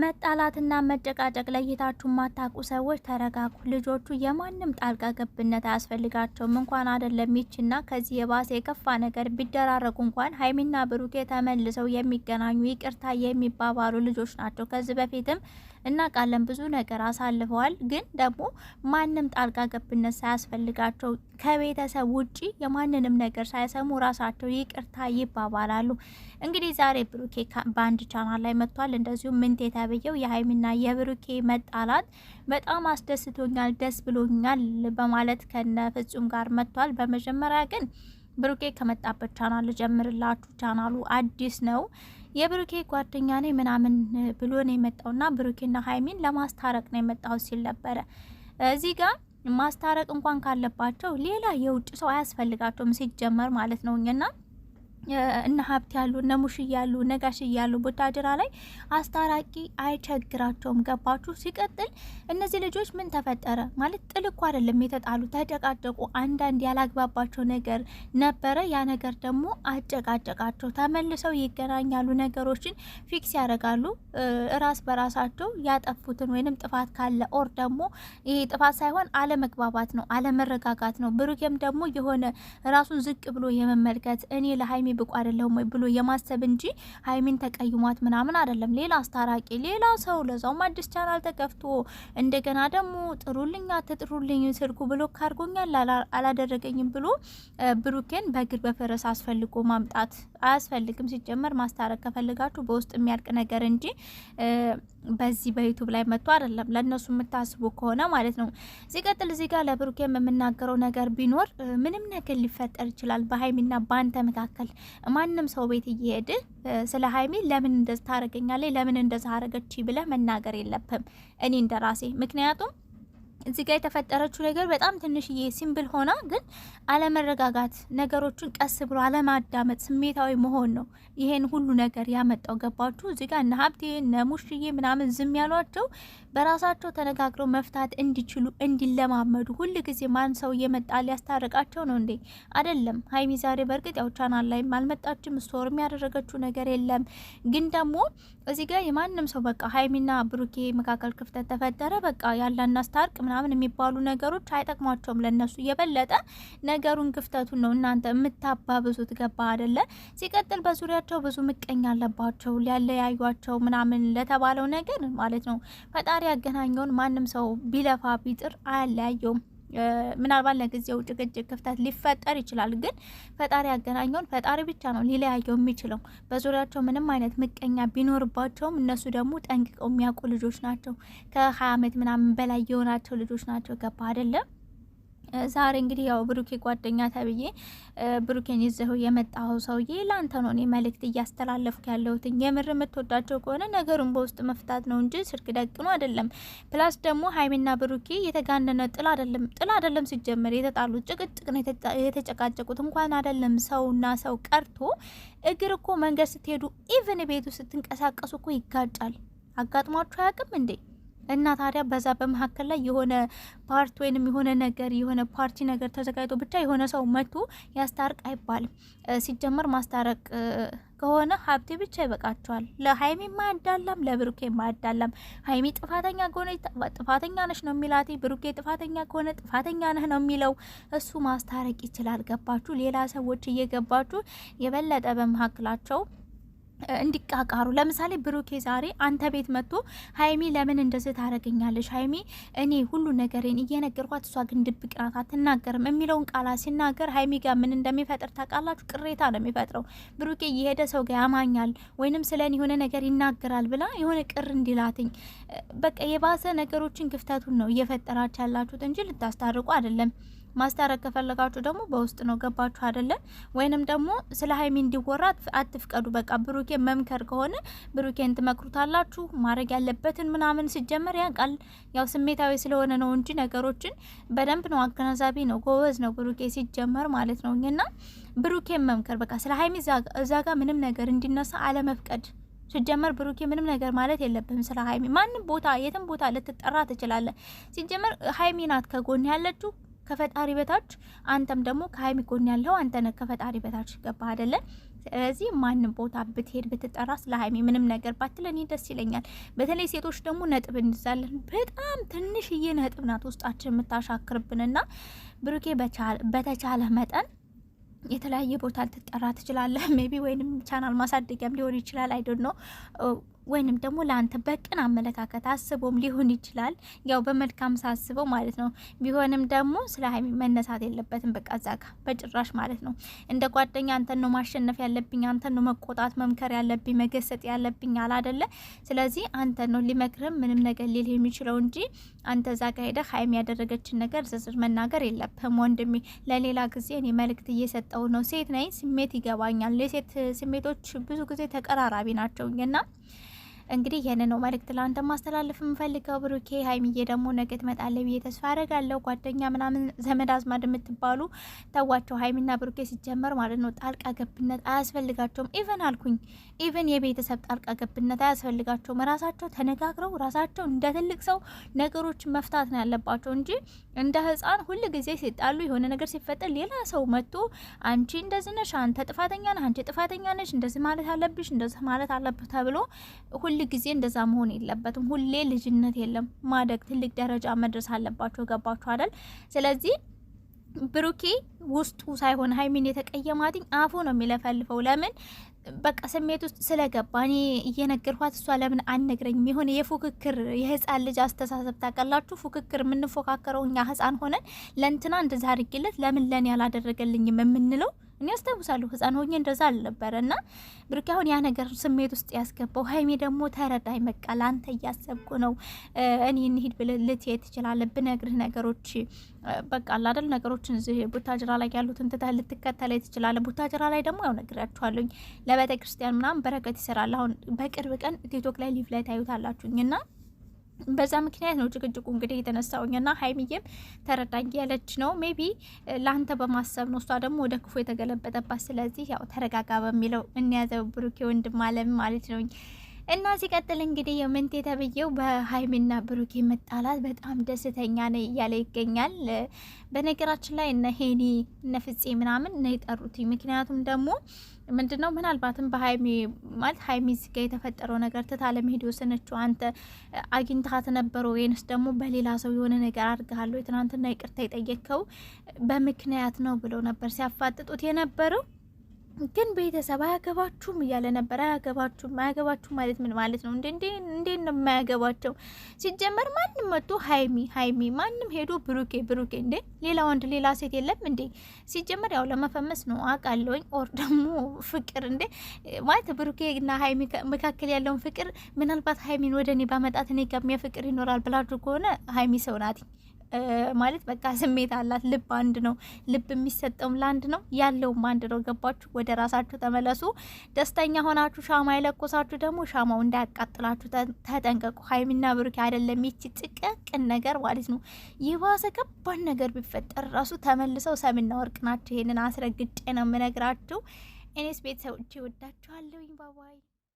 መጣላትና መጨቃጨቅ ለይታችሁ ማታቁ ሰዎች ተረጋጉ። ልጆቹ የማንም ጣልቃ ገብነት አያስፈልጋቸውም። እንኳን አይደለም ይችና ከዚህ የባሰ የከፋ ነገር ቢደራረጉ እንኳን ሀይሚና ብሩኬ ተመልሰው የሚገናኙ ይቅርታ የሚባባሉ ልጆች ናቸው። ከዚህ በፊትም እናውቃለን። ብዙ ነገር አሳልፈዋል። ግን ደግሞ ማንም ጣልቃ ገብነት ሳያስፈልጋቸው ከቤተሰብ ውጪ የማንንም ነገር ሳይሰሙ ራሳቸው ይቅርታ ይባባላሉ። እንግዲህ ዛሬ ብሩኬ በአንድ ቻናል ላይ መጥቷል። እንደዚሁም ምንት የተብየው የሀይሚና የብሩኬ መጣላት በጣም አስደስቶኛል፣ ደስ ብሎኛል በማለት ከነ ፍጹም ጋር መጥቷል። በመጀመሪያ ግን ብሩኬ ከመጣበት ቻናል ጀምርላችሁ። ቻናሉ አዲስ ነው። የብሩኬ ጓደኛ ነኝ ምናምን ብሎ ነው የመጣውና ብሩኬና ሀይሚን ለማስታረቅ ነው የመጣው ሲል ነበረ። እዚህ ጋር ማስታረቅ እንኳን ካለባቸው ሌላ የውጭ ሰው አያስፈልጋቸውም ሲጀመር ማለት ነውና እነ ሀብት ያሉ እነ ሙሽ እያሉ ነጋሽ እያሉ ቡታጅራ ላይ አስታራቂ አይቸግራቸውም። ገባችሁ? ሲቀጥል እነዚህ ልጆች ምን ተፈጠረ ማለት ጥል አይደለም የተጣሉ ተጨቃጨቁ። አንዳንድ ያላግባባቸው ነገር ነበረ። ያ ነገር ደግሞ አጨቃጨቃቸው። ተመልሰው ይገናኛሉ፣ ነገሮችን ፊክስ ያደርጋሉ። ራስ በራሳቸው ያጠፉትን ወይንም ጥፋት ካለ ኦር ደግሞ ይሄ ጥፋት ሳይሆን አለመግባባት ነው፣ አለመረጋጋት ነው። ብሩኬም ደግሞ የሆነ ራሱን ዝቅ ብሎ የመመልከት እኔ ለሀይሚ ብቁ አይደለሁም ወይ ብሎ የማሰብ እንጂ ሀይሚን ተቀይሟት ምናምን አይደለም። ሌላ አስታራቂ፣ ሌላ ሰው ለዛውም አዲስ ቻናል ተከፍቶ እንደገና ደግሞ ጥሩልኝ አትጥሩልኝ ስልኩ ብሎ ካርጎኛል አላደረገኝም ብሎ ብሩኬን በእግር በፈረስ አስፈልጎ ማምጣት አያስፈልግም። ሲጀመር ማስታረቅ ከፈልጋችሁ በውስጥ የሚያልቅ ነገር እንጂ በዚህ በዩቱብ ላይ መጥቶ አይደለም ለእነሱ የምታስቡ ከሆነ ማለት ነው። ሲቀጥል እዚህ ጋር ለብሩኬም የምናገረው ነገር ቢኖር ምንም ነገር ሊፈጠር ይችላል በሀይሚና በአንተ መካከል። ማንም ሰው ቤት እየሄድ ስለ ሀይሚ ለምን እንደዚህ ታደረገኛለ ለምን እንደዚህ አረገች ብለህ መናገር የለብም እኔ እንደ ራሴ ምክንያቱም እዚህ ጋር የተፈጠረችው ነገር በጣም ትንሽዬ ሲምብል ሆና ግን አለመረጋጋት፣ ነገሮችን ቀስ ብሎ አለማዳመጥ፣ ስሜታዊ መሆን ነው ይሄን ሁሉ ነገር ያመጣው። ገባችሁ? እዚህ ጋር እነ ሀብቴ እነ ሙሽዬ ምናምን ዝም ያሏቸው በራሳቸው ተነጋግረው መፍታት እንዲችሉ እንዲለማመዱ። ሁል ጊዜ ማን ሰው እየመጣ ሊያስታርቃቸው ነው እንዴ? አይደለም። ሀይሚ ዛሬ በእርግጥ ያው ቻናል ላይም አልመጣችም፣ ስቶርም ያደረገችው ነገር የለም። ግን ደግሞ እዚህ ጋር የማንም ሰው በቃ ሀይሚና ብሩኬ መካከል ክፍተት ተፈጠረ፣ በቃ እናስታርቅ ምናምን ምናምን የሚባሉ ነገሮች አይጠቅሟቸውም። ለነሱ የበለጠ ነገሩን ክፍተቱን ነው እናንተ የምታባብዙት። ገባ አደለ? ሲቀጥል በዙሪያቸው ብዙ ምቀኛ አለባቸው። ሊያለያዩቸው ምናምን ለተባለው ነገር ማለት ነው ፈጣሪ ያገናኘውን ማንም ሰው ቢለፋ ቢጥር አያለያየውም። ምናልባት ለጊዜው ጭቅጭቅ፣ ክፍተት ሊፈጠር ይችላል። ግን ፈጣሪ ያገናኘውን ፈጣሪ ብቻ ነው ሊለያየው የሚችለው። በዙሪያቸው ምንም አይነት ምቀኛ ቢኖርባቸውም እነሱ ደግሞ ጠንቅቀው የሚያውቁ ልጆች ናቸው። ከሀያ ዓመት ምናምን በላይ የሆናቸው ልጆች ናቸው። ገባ አይደለም? ዛሬ እንግዲህ ያው ብሩኬ ጓደኛ ተብዬ ብሩኬን ይዘው የመጣው ሰውዬ ላንተ ነው እኔ መልእክት እያስተላለፍኩ ያለሁትኝ። የምር የምትወዳቸው ከሆነ ነገሩን በውስጥ መፍታት ነው እንጂ ስልክ ደቅኖ አይደለም። ፕላስ ደግሞ ሀይሚና ብሩኬ የተጋነነ ጥል አይደለም ጥል አይደለም ሲጀመር የተጣሉት ጭቅጭቅ ነው የተጨቃጨቁት። እንኳን አይደለም ሰውና ሰው ቀርቶ እግር እኮ መንገድ ስትሄዱ ኢቨን ቤቱ ስትንቀሳቀሱ እኮ ይጋጫል። አጋጥሟችሁ አያውቅም እንዴ? እና ታዲያ በዛ በመካከል ላይ የሆነ ፓርት ወይንም የሆነ ነገር የሆነ ፓርቲ ነገር ተዘጋጅቶ ብቻ የሆነ ሰው መቶ ያስታርቅ አይባልም። ሲጀመር ማስታረቅ ከሆነ ሀብቴ ብቻ ይበቃቸዋል። ለሀይሚ ማያዳላም፣ ለብሩኬ ማያዳላም። ሀይሚ ጥፋተኛ ከሆነ ጥፋተኛ ነሽ ነው የሚላት፣ ብሩኬ ጥፋተኛ ከሆነ ጥፋተኛ ነህ ነው የሚለው። እሱ ማስታረቅ ይችላል። ገባችሁ? ሌላ ሰዎች እየገባችሁ የበለጠ በመካከላቸው እንዲቃቃሩ ለምሳሌ ብሩኬ ዛሬ አንተ ቤት መጥቶ ሀይሚ ለምን እንደዚህ ታደርገኛለች? ሀይሚ እኔ ሁሉ ነገሬን እየነገርኳት እሷ ግን ድብቅ ናት አትናገርም የሚለውን ቃላ ሲናገር ሀይሚ ጋር ምን እንደሚፈጥር ታውቃላችሁ? ቅሬታ ነው የሚፈጥረው። ብሩኬ እየሄደ ሰው ጋር ያማኛል ወይንም ስለኔ የሆነ ነገር ይናገራል ብላ የሆነ ቅር እንዲላትኝ በቃ የባሰ ነገሮችን ክፍተቱን ነው እየፈጠራች ያላችሁት እንጂ ልታስታርቁ አይደለም። ማስታረቅ ከፈለጋችሁ ደግሞ በውስጥ ነው። ገባችሁ አይደለም? ወይንም ደግሞ ስለ ሀይሚ እንዲወራ አትፍቀዱ። በቃ ብሩኬ መምከር ከሆነ ብሩኬን ትመክሩታላችሁ ማድረግ ያለበትን ምናምን። ሲጀመር ያውቃል። ያው ስሜታዊ ስለሆነ ነው እንጂ ነገሮችን በደንብ ነው፣ አገናዛቢ ነው፣ ጎበዝ ነው ብሩኬ ሲጀመር ማለት ነው። እና ብሩኬን መምከር በቃ ስለ ሀይሚ እዛ ጋር ምንም ነገር እንዲነሳ አለመፍቀድ ሲጀመር ብሩኬ ምንም ነገር ማለት የለብህም ስለ ሀይሚ። ማንም ቦታ የትም ቦታ ልትጠራ ትችላለህ። ሲጀመር ሀይሚ ናት ከጎን ያለችው ከፈጣሪ በታች አንተም ደግሞ ከሀይሚ ጎን ያለው አንተ ነህ። ከፈጣሪ በታች ገባ አይደለን? ስለዚህ ማንም ቦታ ብትሄድ ብትጠራ ስለ ሀይሚ ምንም ነገር ባትል እኔ ደስ ይለኛል። በተለይ ሴቶች ደግሞ ነጥብ እንይዛለን። በጣም ትንሽዬ ነጥብ ናት ውስጣችን የምታሻክርብንና ብሩኬ በተቻለ መጠን የተለያየ ቦታ ልትጠራ ትችላለህ። ሜቢ ወይንም ቻናል ማሳደጊያም ሊሆን ይችላል። አይዶን ነው ወይንም ደግሞ ለአንተ በቅን አመለካከት አስቦም ሊሆን ይችላል። ያው በመልካም ሳስበው ማለት ነው። ቢሆንም ደግሞ ስለ ሀይሚ መነሳት የለበትም። በቃ እዛ በጭራሽ ማለት ነው። እንደ ጓደኛ አንተን ነው ማሸነፍ ያለብኝ፣ አንተን ነው መቆጣት፣ መምከር ያለብኝ፣ መገሰጥ ያለብኝ አለ አደለ? ስለዚህ አንተን ነው ሊመክርም ምንም ነገር ሊል የሚችለው እንጂ አንተ እዛ ጋ ሄደህ ሀይሚ ያደረገችን ነገር ዝርዝር መናገር የለብህም ወንድሜ። ለሌላ ጊዜ እኔ መልእክት እየሰጠው ነው። ሴት ነኝ፣ ስሜት ይገባኛል። የሴት ስሜቶች ብዙ ጊዜ ተቀራራቢ ናቸው እና እንግዲህ ይህን ነው መልእክት ላንተ ማስተላለፍ የምፈልገው ብሩኬ። ሀይሚዬ ደግሞ ነገ ትመጣለህ ብዬ ተስፋ አደርጋለሁ። ጓደኛ ምናምን ዘመድ አዝማድ የምትባሉ ተዋቸው። ሀይሚና ብሩኬ ሲጀመር ማለት ነው ጣልቃ ገብነት አያስፈልጋቸውም። ኢቨን አልኩኝ ኢቨን የቤተሰብ ጣልቃ ገብነት አያስፈልጋቸውም። ራሳቸው ተነጋግረው ራሳቸው እንደ ትልቅ ሰው ነገሮችን መፍታት ነው ያለባቸው እንጂ እንደ ህፃን ሁል ጊዜ ሲጣሉ የሆነ ነገር ሲፈጠር ሌላ ሰው መጥቶ አንቺ እንደዚህ ነሽ፣ አንተ ጥፋተኛ ነህ፣ አንቺ ጥፋተኛ ነሽ፣ እንደዚህ ማለት አለብሽ፣ እንደዚህ ማለት አለብህ ተብሎ ሁ ሁል ጊዜ እንደዛ መሆን የለበትም። ሁሌ ልጅነት የለም። ማደግ፣ ትልቅ ደረጃ መድረስ አለባቸው። ገባችሁ አይደል? ስለዚህ ብሩኬ ውስጡ ሳይሆን ሀይሚን የተቀየማትኝ አፉ ነው የሚለፈልፈው። ለምን በቃ ስሜት ውስጥ ስለገባ እኔ እየነገርኳት እሷ ለምን አነግረኝም? የሆነ የፉክክር የህፃን ልጅ አስተሳሰብ ታውቃላችሁ። ፉክክር የምንፎካከረው እኛ ህፃን ሆነን ለእንትና እንደዛ አድርጌለት ለምን ለእኔ አላደረገልኝም የምንለው እኔ አስታውሳለሁ ህፃን ሆኜ እንደዛ አልነበረ እና ብሩኬ አሁን ያ ነገር ስሜት ውስጥ ያስገባው። ሀይሜ ደግሞ ተረዳኝ፣ በቃ ለአንተ እያሰብኩ ነው። እኔ እንሂድ ብልህ ልትሄድ ትችላለህ። ብነግርህ ነገሮች በቃ አላደል ነገሮችን እዚህ ቡታጅራ ላይ ያሉትን ትተህ ልትከተለኝ ትችላለህ። ቡታጅራ ላይ ደግሞ ያው ነግሬያችኋለሁኝ ለቤተ ክርስቲያን ምናምን በረከት ይሰራል። አሁን በቅርብ ቀን ቲክቶክ ላይ ሊቭ ላይ ታዩታላችሁኝ እና በዛ ምክንያት ነው ጭቅጭቁ እንግዲህ የተነሳውኝና ሀይሚዬም ተረዳኝ ያለች ነው። ሜቢ ለአንተ በማሰብ ነው፣ እሷ ደግሞ ወደ ክፉ የተገለበጠባት። ስለዚህ ያው ተረጋጋ በሚለው እንያዘው ብሩኬ ወንድም አለም ማለት ነው። እና ሲቀጥል እንግዲህ የምንቴ ተብዬው በሀይሚና ብሩኬ መጣላት በጣም ደስተኛ ነ እያለ ይገኛል። በነገራችን ላይ እነ ሄኒ እነ ፍጼ ምናምን እነ የጠሩት። ምክንያቱም ደግሞ ምንድነው ምናልባትም በሀይሚ ማለት ሀይሚ ዝጋ የተፈጠረው ነገር ትታ ለመሄድ ወሰነችው። አንተ አግኝታት ነበረ ወይንስ ደግሞ በሌላ ሰው የሆነ ነገር አድርገሃለሁ? የትናንትና ይቅርታ የጠየቅከው በምክንያት ነው ብለው ነበር ሲያፋጥጡት የነበረው ግን ቤተሰብ አያገባችሁም እያለ ነበር። አያገባችሁም አያገባችሁም ማለት ምን ማለት ነው? እንዴ ነው የማያገባቸው? ሲጀመር ማንም መጥቶ ሀይሚ ሀይሚ ማንም ሄዶ ብሩኬ ብሩኬ እንዴ ሌላ ወንድ ሌላ ሴት የለም እንዴ? ሲጀመር ያው ለመፈመስ ነው አውቃለሁኝ። ኦር ደግሞ ፍቅር እንዴ ማለት ብሩኬ እና ሀይሚ መካከል ያለውን ፍቅር ምናልባት ሀይሚን ወደ እኔ ባመጣት እኔ ጋር ፍቅር ይኖራል ብላችሁ ከሆነ ሀይሚ ሰው ማለት በቃ ስሜት አላት። ልብ አንድ ነው። ልብ የሚሰጠውም ለአንድ ነው፣ ያለውም አንድ ነው። ገባችሁ? ወደ ራሳችሁ ተመለሱ። ደስተኛ ሆናችሁ ሻማ የለኮሳችሁ ደግሞ ሻማው እንዳያቃጥላችሁ ተጠንቀቁ። ሀይሚና ብሩክ አይደለም ይቺ ጥቅቅን ነገር ማለት ነው። የባሰ ከባድ ነገር ቢፈጠር ራሱ ተመልሰው ሰምና ወርቅ ናቸው። ይሄንን አስረግጬ ነው የምነግራችሁ። እኔስ ቤተሰቦቼ ወዳችኋለሁ። ባባይ